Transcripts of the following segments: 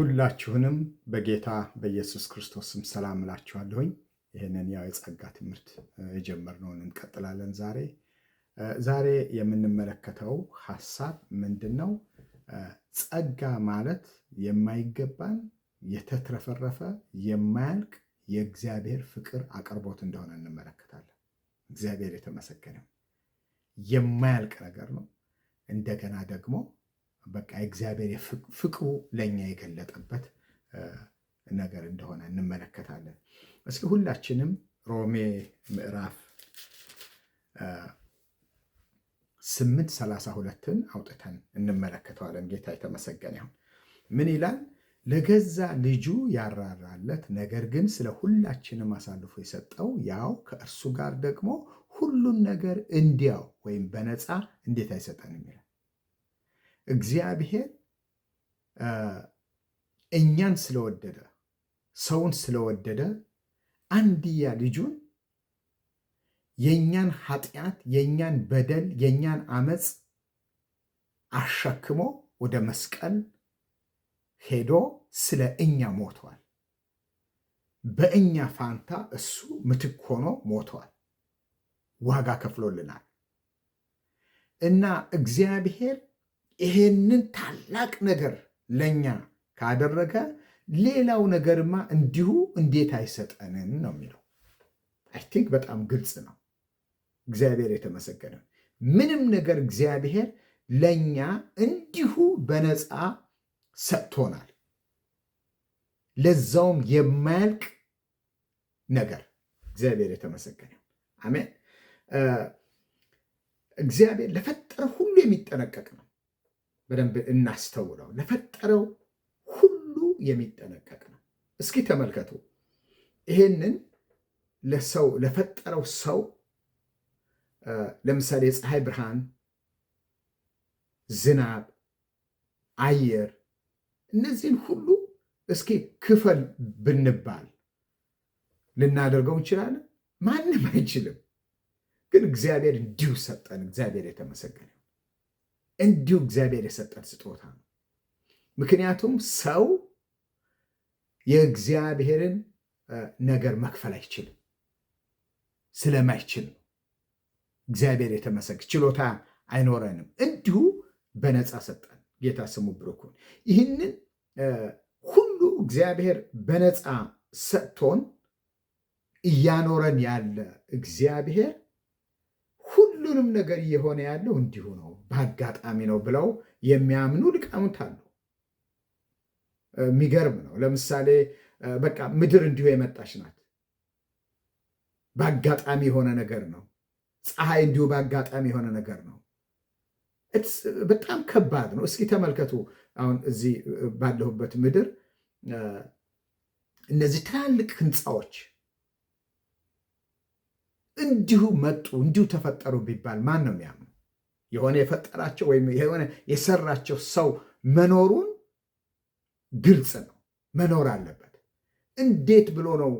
ሁላችሁንም በጌታ በኢየሱስ ክርስቶስም ሰላም እላችኋለሁኝ። ይህንን ያው የጸጋ ትምህርት የጀመርነውን እንቀጥላለን። ዛሬ ዛሬ የምንመለከተው ሀሳብ ምንድን ነው? ጸጋ ማለት የማይገባን የተትረፈረፈ የማያልቅ የእግዚአብሔር ፍቅር አቅርቦት እንደሆነ እንመለከታለን። እግዚአብሔር የተመሰገነ የማያልቅ ነገር ነው። እንደገና ደግሞ በቃ እግዚአብሔር ፍቅሩ ለእኛ የገለጠበት ነገር እንደሆነ እንመለከታለን። እስኪ ሁላችንም ሮሜ ምዕራፍ ስምንት ሰላሳ ሁለትን አውጥተን እንመለከተዋለን። ጌታ የተመሰገነ ይሁን። ምን ይላል? ለገዛ ልጁ ያራራለት፣ ነገር ግን ስለ ሁላችንም አሳልፎ የሰጠው ያው ከእርሱ ጋር ደግሞ ሁሉን ነገር እንዲያው ወይም በነፃ እንዴት አይሰጠንም ይላል። እግዚአብሔር እኛን ስለወደደ ሰውን ስለወደደ አንድያ ልጁን የእኛን ኃጢአት፣ የእኛን በደል፣ የእኛን አመፅ አሸክሞ ወደ መስቀል ሄዶ ስለ እኛ ሞቷል። በእኛ ፋንታ እሱ ምትክ ሆኖ ሞቷል። ዋጋ ከፍሎልናል እና እግዚአብሔር ይሄንን ታላቅ ነገር ለእኛ ካደረገ ሌላው ነገርማ እንዲሁ እንዴት አይሰጠንን ነው የሚለው። አይ ቲንክ በጣም ግልጽ ነው። እግዚአብሔር የተመሰገነ። ምንም ነገር እግዚአብሔር ለእኛ እንዲሁ በነፃ ሰጥቶናል። ለዛውም የማያልቅ ነገር እግዚአብሔር የተመሰገነ። አሜን። እግዚአብሔር ለፈጠረ ሁሉ የሚጠነቀቅ ነው። በደንብ እናስተውለው። ለፈጠረው ሁሉ የሚጠነቀቅ ነው። እስኪ ተመልከቱ ይሄንን ለሰው ለፈጠረው ሰው ለምሳሌ የፀሐይ ብርሃን፣ ዝናብ፣ አየር እነዚህን ሁሉ እስኪ ክፈል ብንባል ልናደርገው እንችላለን? ማንም አይችልም። ግን እግዚአብሔር እንዲሁ ሰጠን። እግዚአብሔር የተመሰገነ እንዲሁ እግዚአብሔር የሰጠን ስጦታ ነው። ምክንያቱም ሰው የእግዚአብሔርን ነገር መክፈል አይችልም፣ ስለማይችል ነው። እግዚአብሔር የተመሰግ ችሎታ አይኖረንም። እንዲሁ በነፃ ሰጠን። ጌታ ስሙ ብሩክን። ይህንን ሁሉ እግዚአብሔር በነፃ ሰጥቶን እያኖረን ያለ እግዚአብሔር ሁሉንም ነገር እየሆነ ያለው እንዲሁ ነው። በአጋጣሚ ነው ብለው የሚያምኑ ሊቃውንት አሉ። የሚገርም ነው። ለምሳሌ በቃ ምድር እንዲሁ የመጣች ናት፣ በአጋጣሚ የሆነ ነገር ነው። ፀሐይ እንዲሁ በአጋጣሚ የሆነ ነገር ነው። በጣም ከባድ ነው። እስኪ ተመልከቱ። አሁን እዚህ ባለሁበት ምድር እነዚህ ትላልቅ ህንፃዎች እንዲሁ መጡ እንዲሁ ተፈጠሩ ቢባል ማን ነው የሚያምኑ? የሆነ የፈጠራቸው ወይም የሆነ የሰራቸው ሰው መኖሩን ግልጽ ነው፣ መኖር አለበት። እንዴት ብሎ ነው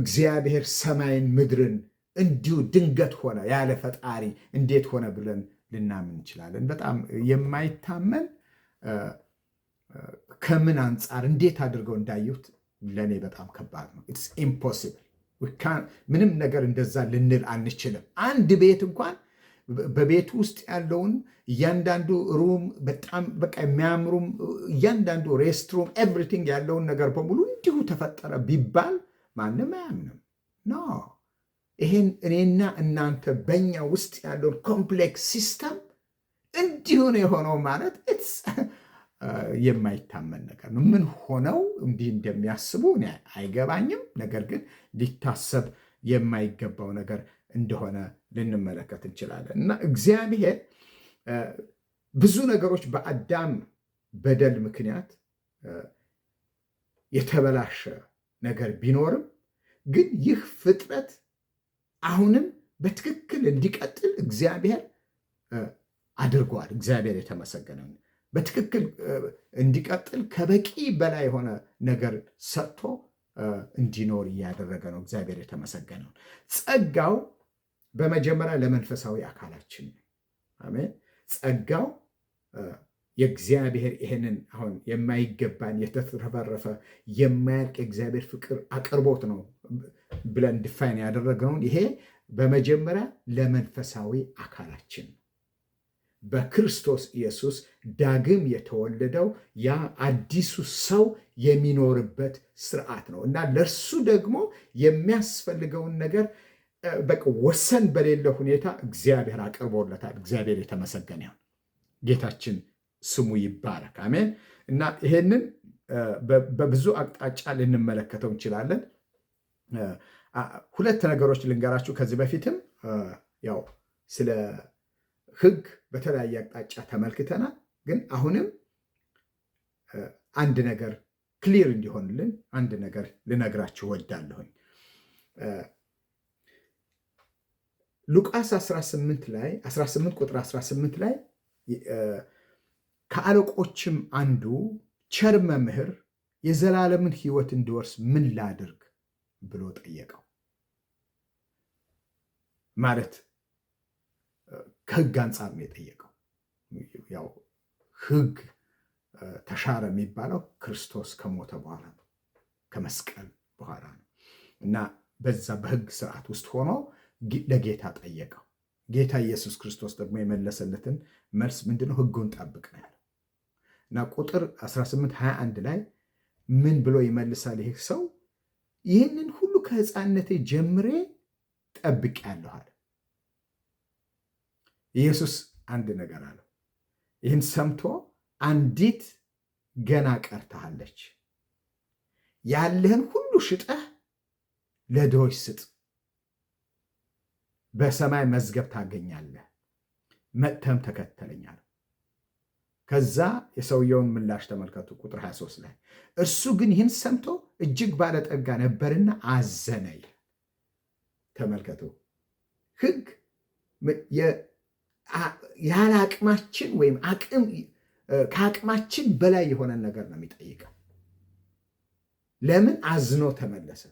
እግዚአብሔር ሰማይን ምድርን እንዲሁ ድንገት ሆነ ያለ ፈጣሪ እንዴት ሆነ ብለን ልናምን እንችላለን? በጣም የማይታመን ከምን አንጻር እንዴት አድርገው እንዳዩት ለእኔ በጣም ከባድ ነው። ኢትስ ኢምፖሲብል ምንም ነገር እንደዛ ልንል አንችልም። አንድ ቤት እንኳን በቤት ውስጥ ያለውን እያንዳንዱ ሩም በጣም በቃ የሚያምሩም እያንዳንዱ ሬስትሩም ኤቭሪቲንግ ያለውን ነገር በሙሉ እንዲሁ ተፈጠረ ቢባል ማንም አያምንም ኖ። ይሄን እኔና እናንተ በኛ ውስጥ ያለውን ኮምፕሌክስ ሲስተም እንዲሁ ነው የሆነው ማለት የማይታመን ነገር ነው። ምን ሆነው እንዲህ እንደሚያስቡ አይገባኝም። ነገር ግን ሊታሰብ የማይገባው ነገር እንደሆነ ልንመለከት እንችላለን እና እግዚአብሔር ብዙ ነገሮች በአዳም በደል ምክንያት የተበላሸ ነገር ቢኖርም ግን ይህ ፍጥረት አሁንም በትክክል እንዲቀጥል እግዚአብሔር አድርጓል። እግዚአብሔር የተመሰገነ በትክክል እንዲቀጥል ከበቂ በላይ የሆነ ነገር ሰጥቶ እንዲኖር እያደረገ ነው። እግዚአብሔር የተመሰገነውን ጸጋው በመጀመሪያ ለመንፈሳዊ አካላችን ነው። አሜን። ጸጋው የእግዚአብሔር ይሄንን አሁን የማይገባን የተትረፈረፈ የማያልቅ የእግዚአብሔር ፍቅር አቅርቦት ነው ብለን ድፋይን ያደረግነውን ይሄ በመጀመሪያ ለመንፈሳዊ አካላችን ነው። በክርስቶስ ኢየሱስ ዳግም የተወለደው ያ አዲሱ ሰው የሚኖርበት ስርዓት ነው እና ለእርሱ ደግሞ የሚያስፈልገውን ነገር በቃ ወሰን በሌለ ሁኔታ እግዚአብሔር አቅርቦለታል። እግዚአብሔር የተመሰገነ ይሁን። ጌታችን ስሙ ይባረክ። አሜን። እና ይሄንን በብዙ አቅጣጫ ልንመለከተው እንችላለን። ሁለት ነገሮች ልንገራችሁ። ከዚህ በፊትም ያው ስለ ሕግ በተለያየ አቅጣጫ ተመልክተናል። ግን አሁንም አንድ ነገር ክሊር እንዲሆንልን አንድ ነገር ልነግራችሁ ወዳለሁኝ። ሉቃስ 18 ላይ 18 ቁጥር 18 ላይ ከአለቆችም አንዱ ቸር መምህር የዘላለምን ሕይወት እንዲወርስ ምን ላድርግ ብሎ ጠየቀው። ማለት ከህግ አንጻር ነው የጠየቀው። ያው ህግ ተሻረ የሚባለው ክርስቶስ ከሞተ በኋላ ነው፣ ከመስቀል በኋላ ነው እና በዛ በህግ ስርዓት ውስጥ ሆኖ ለጌታ ጠየቀው። ጌታ ኢየሱስ ክርስቶስ ደግሞ የመለሰለትን መልስ ምንድነው? ህጉን ጠብቅ ነው ያለው እና ቁጥር 18 21 ላይ ምን ብሎ ይመልሳል? ይህ ሰው ይህንን ሁሉ ከህፃነቴ ጀምሬ ጠብቄያለሁ አለ። ኢየሱስ አንድ ነገር አለው። ይህን ሰምቶ አንዲት ገና ቀርታሃለች፣ ያለህን ሁሉ ሽጠህ ለድሆች ስጥ በሰማይ መዝገብ ታገኛለህ፣ መጥተም ተከተለኛል። ከዛ የሰውየውን ምላሽ ተመልከቱ። ቁጥር 23 ላይ እርሱ ግን ይህን ሰምቶ እጅግ ባለጠጋ ነበርና አዘነ። ተመልከቱ ህግ ያለ አቅማችን ወይም ከአቅማችን በላይ የሆነን ነገር ነው የሚጠይቀው። ለምን አዝኖ ተመለሰ?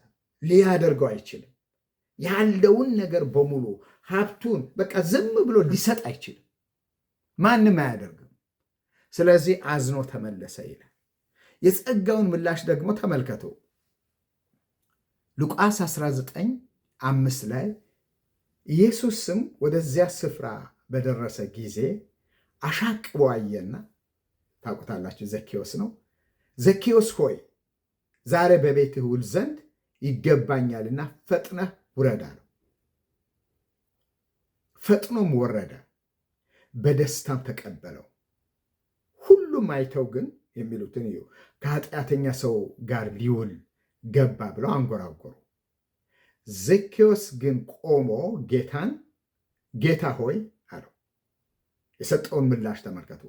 ሊያደርገው አይችልም። ያለውን ነገር በሙሉ ሀብቱን በቃ ዝም ብሎ ሊሰጥ አይችልም። ማንም አያደርግም። ስለዚህ አዝኖ ተመለሰ ይላል። የጸጋውን ምላሽ ደግሞ ተመልከቱ። ሉቃስ 19 አምስት ላይ ኢየሱስም ወደዚያ ስፍራ በደረሰ ጊዜ አሻቅቦ አየና፣ ታውቁታላችሁ፣ ዘኬዎስ ነው። ዘኬዎስ ሆይ ዛሬ በቤትህ ውል ዘንድ ይገባኛልና ፈጥነህ ውረዳ ነው። ፈጥኖም ወረደ፣ በደስታም ተቀበለው። ሁሉም አይተው ግን የሚሉትን እዩ ከኃጢአተኛ ሰው ጋር ሊውል ገባ ብለው አንጎራጎሩ። ዘኬዎስ ግን ቆሞ ጌታን ጌታ ሆይ አለው። የሰጠውን ምላሽ ተመልከቱ።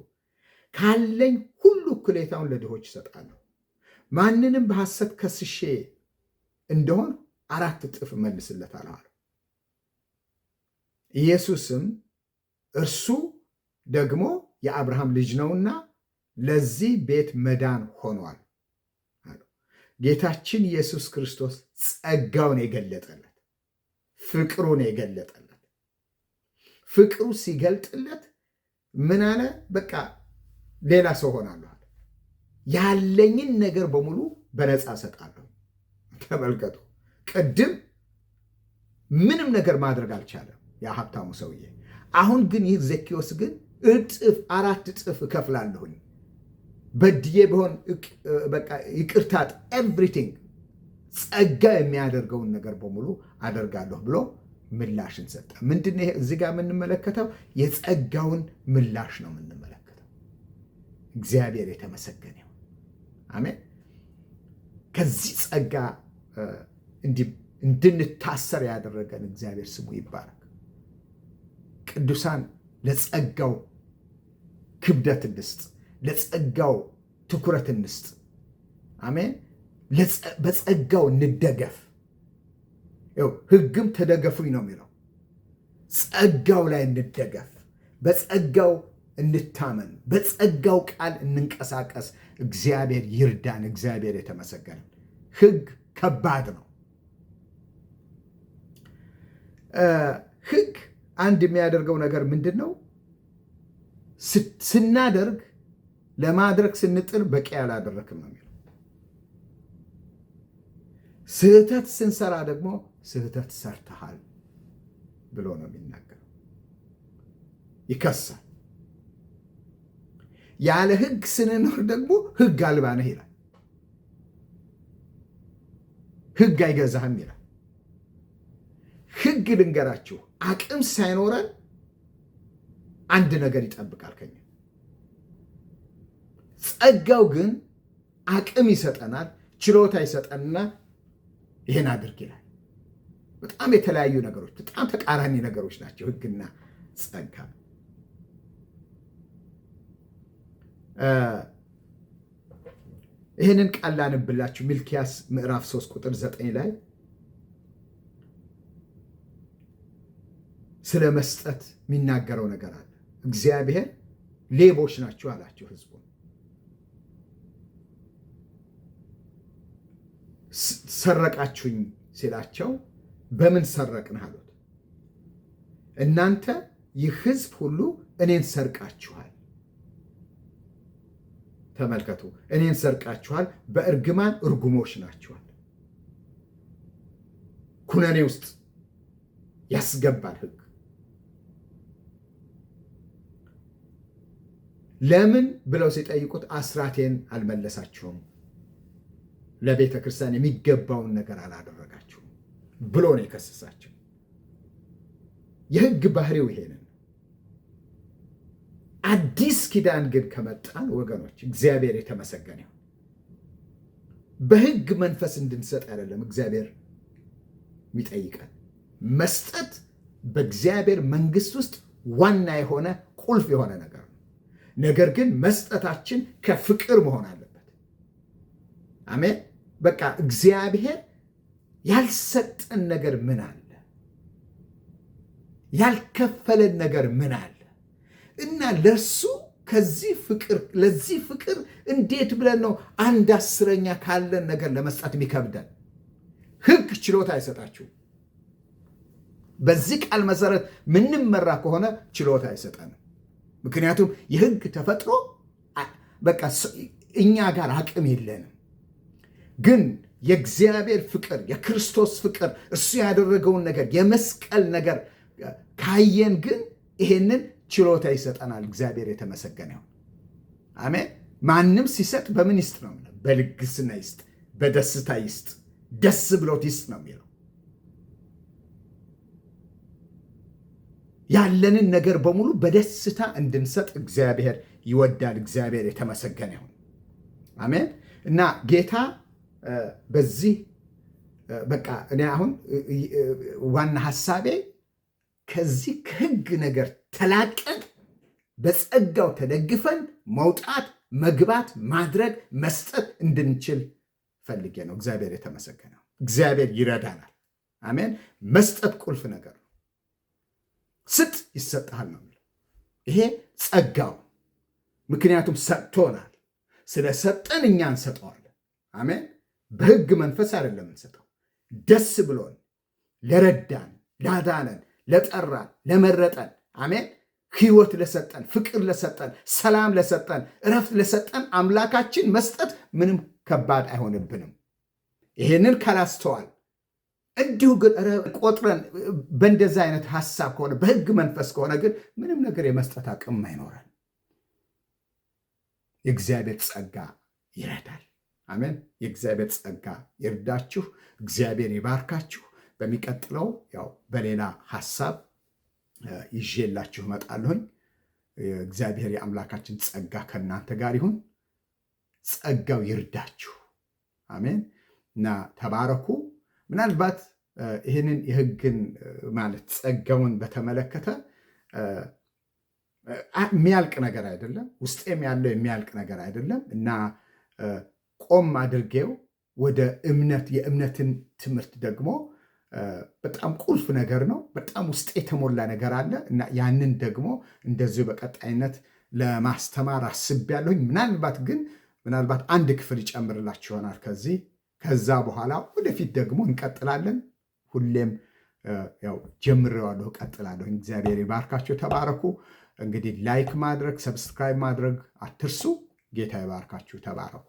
ካለኝ ሁሉ እኩሌታውን ለድሆች ይሰጣለሁ። ማንንም በሐሰት ከስሼ እንደሆን አራት እጥፍ መልስለታል አለ። ኢየሱስም እርሱ ደግሞ የአብርሃም ልጅ ነውና ለዚህ ቤት መዳን ሆኗል። ጌታችን ኢየሱስ ክርስቶስ ጸጋውን የገለጠለት ፍቅሩን የገለጠለት ፍቅሩ ሲገልጥለት ምን አለ? በቃ ሌላ ሰው ሆናለሁ ያለኝን ነገር በሙሉ በነፃ ሰጣለሁ። ተመልከቱ። ቅድም ምንም ነገር ማድረግ አልቻለም ያ ሀብታሙ ሰውዬ። አሁን ግን ይህ ዘኪዎስ ግን እጥፍ አራት እጥፍ እከፍላለሁኝ በድዬ ቢሆን ይቅርታት ኤቭሪቲንግ ጸጋ የሚያደርገውን ነገር በሙሉ አደርጋለሁ ብሎ ምላሽን ሰጠ። ምንድን ነው እዚህ ጋር የምንመለከተው? የጸጋውን ምላሽ ነው የምንመለከተው። እግዚአብሔር የተመሰገነ ይሁን። አሜን። ከዚህ ጸጋ እንድንታሰር ያደረገን እግዚአብሔር ስሙ ይባረክ። ቅዱሳን ለጸጋው ክብደት እንስጥ፣ ለጸጋው ትኩረት እንስጥ። አሜን። በጸጋው እንደገፍ። ሕግም ተደገፉኝ ነው የሚለው። ጸጋው ላይ እንደገፍ፣ በጸጋው እንታመን፣ በጸጋው ቃል እንንቀሳቀስ። እግዚአብሔር ይርዳን። እግዚአብሔር የተመሰገነ። ሕግ ከባድ ነው። ህግ አንድ የሚያደርገው ነገር ምንድን ነው? ስናደርግ ለማድረግ ስንጥር በቂ አላደረክም ነው የሚለው። ስህተት ስንሰራ ደግሞ ስህተት ሰርተሃል ብሎ ነው የሚናገረው። ይከሳል። ያለ ህግ ስንኖር ደግሞ ህግ አልባ ነህ ይላል። ህግ አይገዛህም ይላል። ህግ ልንገራችሁ፣ አቅም ሳይኖረን አንድ ነገር ይጠብቃል ከኛ። ጸጋው ግን አቅም ይሰጠናል፣ ችሎታ ይሰጠንና ይህን አድርግ ይላል። በጣም የተለያዩ ነገሮች፣ በጣም ተቃራኒ ነገሮች ናቸው ህግና ጸጋ። ይህንን ቃል ላንብላችሁ ሚልኪያስ ምዕራፍ 3 ቁጥር 9 ላይ ስለ መስጠት የሚናገረው ነገር አለ። እግዚአብሔር ሌቦች ናቸው አላቸው ህዝቡ ሰረቃችሁኝ ሲላቸው በምን ሰረቅን አሉት። እናንተ ይህ ህዝብ ሁሉ እኔን ሰርቃችኋል። ተመልከቱ፣ እኔን ሰርቃችኋል፣ በእርግማን እርጉሞች ናችኋል። ኩነኔ ውስጥ ያስገባል ሕግ ለምን ብለው ሲጠይቁት አስራቴን አልመለሳችሁም፣ ለቤተ ክርስቲያን የሚገባውን ነገር አላደረጋችሁም ብሎ ነው የከሰሳቸው። የህግ ባህሪው ይሄንን። አዲስ ኪዳን ግን ከመጣን ወገኖች እግዚአብሔር የተመሰገነ ይሁን። በህግ መንፈስ እንድንሰጥ አይደለም እግዚአብሔር የሚጠይቀን። መስጠት በእግዚአብሔር መንግስት ውስጥ ዋና የሆነ ቁልፍ የሆነ ነገር ነው። ነገር ግን መስጠታችን ከፍቅር መሆን አለበት። አሜን። በቃ እግዚአብሔር ያልሰጠን ነገር ምን አለ? ያልከፈለን ነገር ምን አለ? እና ለሱ ከዚህ ፍቅር ለዚህ ፍቅር እንዴት ብለን ነው አንድ አስረኛ ካለን ነገር ለመስጠት የሚከብደን? ህግ ችሎታ አይሰጣችሁም። በዚህ ቃል መሰረት ምንመራ ከሆነ ችሎታ አይሰጠንም። ምክንያቱም የህግ ተፈጥሮ በቃ እኛ ጋር አቅም የለንም። ግን የእግዚአብሔር ፍቅር፣ የክርስቶስ ፍቅር እሱ ያደረገውን ነገር የመስቀል ነገር ካየን ግን ይሄንን ችሎታ ይሰጠናል። እግዚአብሔር የተመሰገነ ይሁን። አሜን። ማንም ሲሰጥ በምን ይስጥ ነው? በልግስና ይስጥ፣ በደስታ ይስጥ፣ ደስ ብሎት ይስጥ ነው የሚለው ያለንን ነገር በሙሉ በደስታ እንድንሰጥ እግዚአብሔር ይወዳል። እግዚአብሔር የተመሰገነ ይሁን። አሜን እና ጌታ በዚህ በቃ እኔ አሁን ዋና ሀሳቤ ከዚህ ከህግ ነገር ተላቀን በጸጋው ተደግፈን መውጣት፣ መግባት፣ ማድረግ፣ መስጠት እንድንችል ፈልጌ ነው። እግዚአብሔር የተመሰገነው። እግዚአብሔር ይረዳናል። አሜን። መስጠት ቁልፍ ነገር ስጥ ይሰጥሃል ነው የሚለው። ይሄ ጸጋው ምክንያቱም ሰጥቶናል። ስለ ሰጠን እኛ እንሰጠዋለን። አሜን። በህግ መንፈስ አይደለም እንሰጠው። ደስ ብሎን ለረዳን፣ ላዳነን፣ ለጠራን፣ ለመረጠን አሜን ህይወት ለሰጠን፣ ፍቅር ለሰጠን፣ ሰላም ለሰጠን፣ እረፍት ለሰጠን አምላካችን መስጠት ምንም ከባድ አይሆንብንም። ይሄንን ካላስተዋል እንዲሁ ግን ቆጥረን በእንደዚ አይነት ሀሳብ ከሆነ በህግ መንፈስ ከሆነ ግን ምንም ነገር የመስጠት አቅም አይኖረን። የእግዚአብሔር ጸጋ ይረዳል። አሜን። የእግዚአብሔር ጸጋ ይርዳችሁ። እግዚአብሔር ይባርካችሁ። በሚቀጥለው ያው በሌላ ሀሳብ ይዤላችሁ እመጣለሁኝ። እግዚአብሔር የአምላካችን ጸጋ ከእናንተ ጋር ይሁን። ጸጋው ይርዳችሁ። አሜን እና ተባረኩ። ምናልባት ይህንን የህግን ማለት ጸጋውን በተመለከተ የሚያልቅ ነገር አይደለም፣ ውስጤም ያለው የሚያልቅ ነገር አይደለም እና ቆም አድርጌው ወደ እምነት የእምነትን ትምህርት ደግሞ በጣም ቁልፍ ነገር ነው። በጣም ውስጥ የተሞላ ነገር አለ እና ያንን ደግሞ እንደዚሁ በቀጣይነት ለማስተማር አስቤያለሁኝ። ምናልባት ግን ምናልባት አንድ ክፍል ይጨምርላችሁ ይሆናል ከዚህ ከዛ በኋላ ወደፊት ደግሞ እንቀጥላለን። ሁሌም ያው ጀምሬዋለሁ፣ እቀጥላለሁ። እግዚአብሔር ይባርካቸው። ተባረኩ። እንግዲህ ላይክ ማድረግ፣ ሰብስክራይብ ማድረግ አትርሱ። ጌታ ይባርካችሁ። ተባረኩ።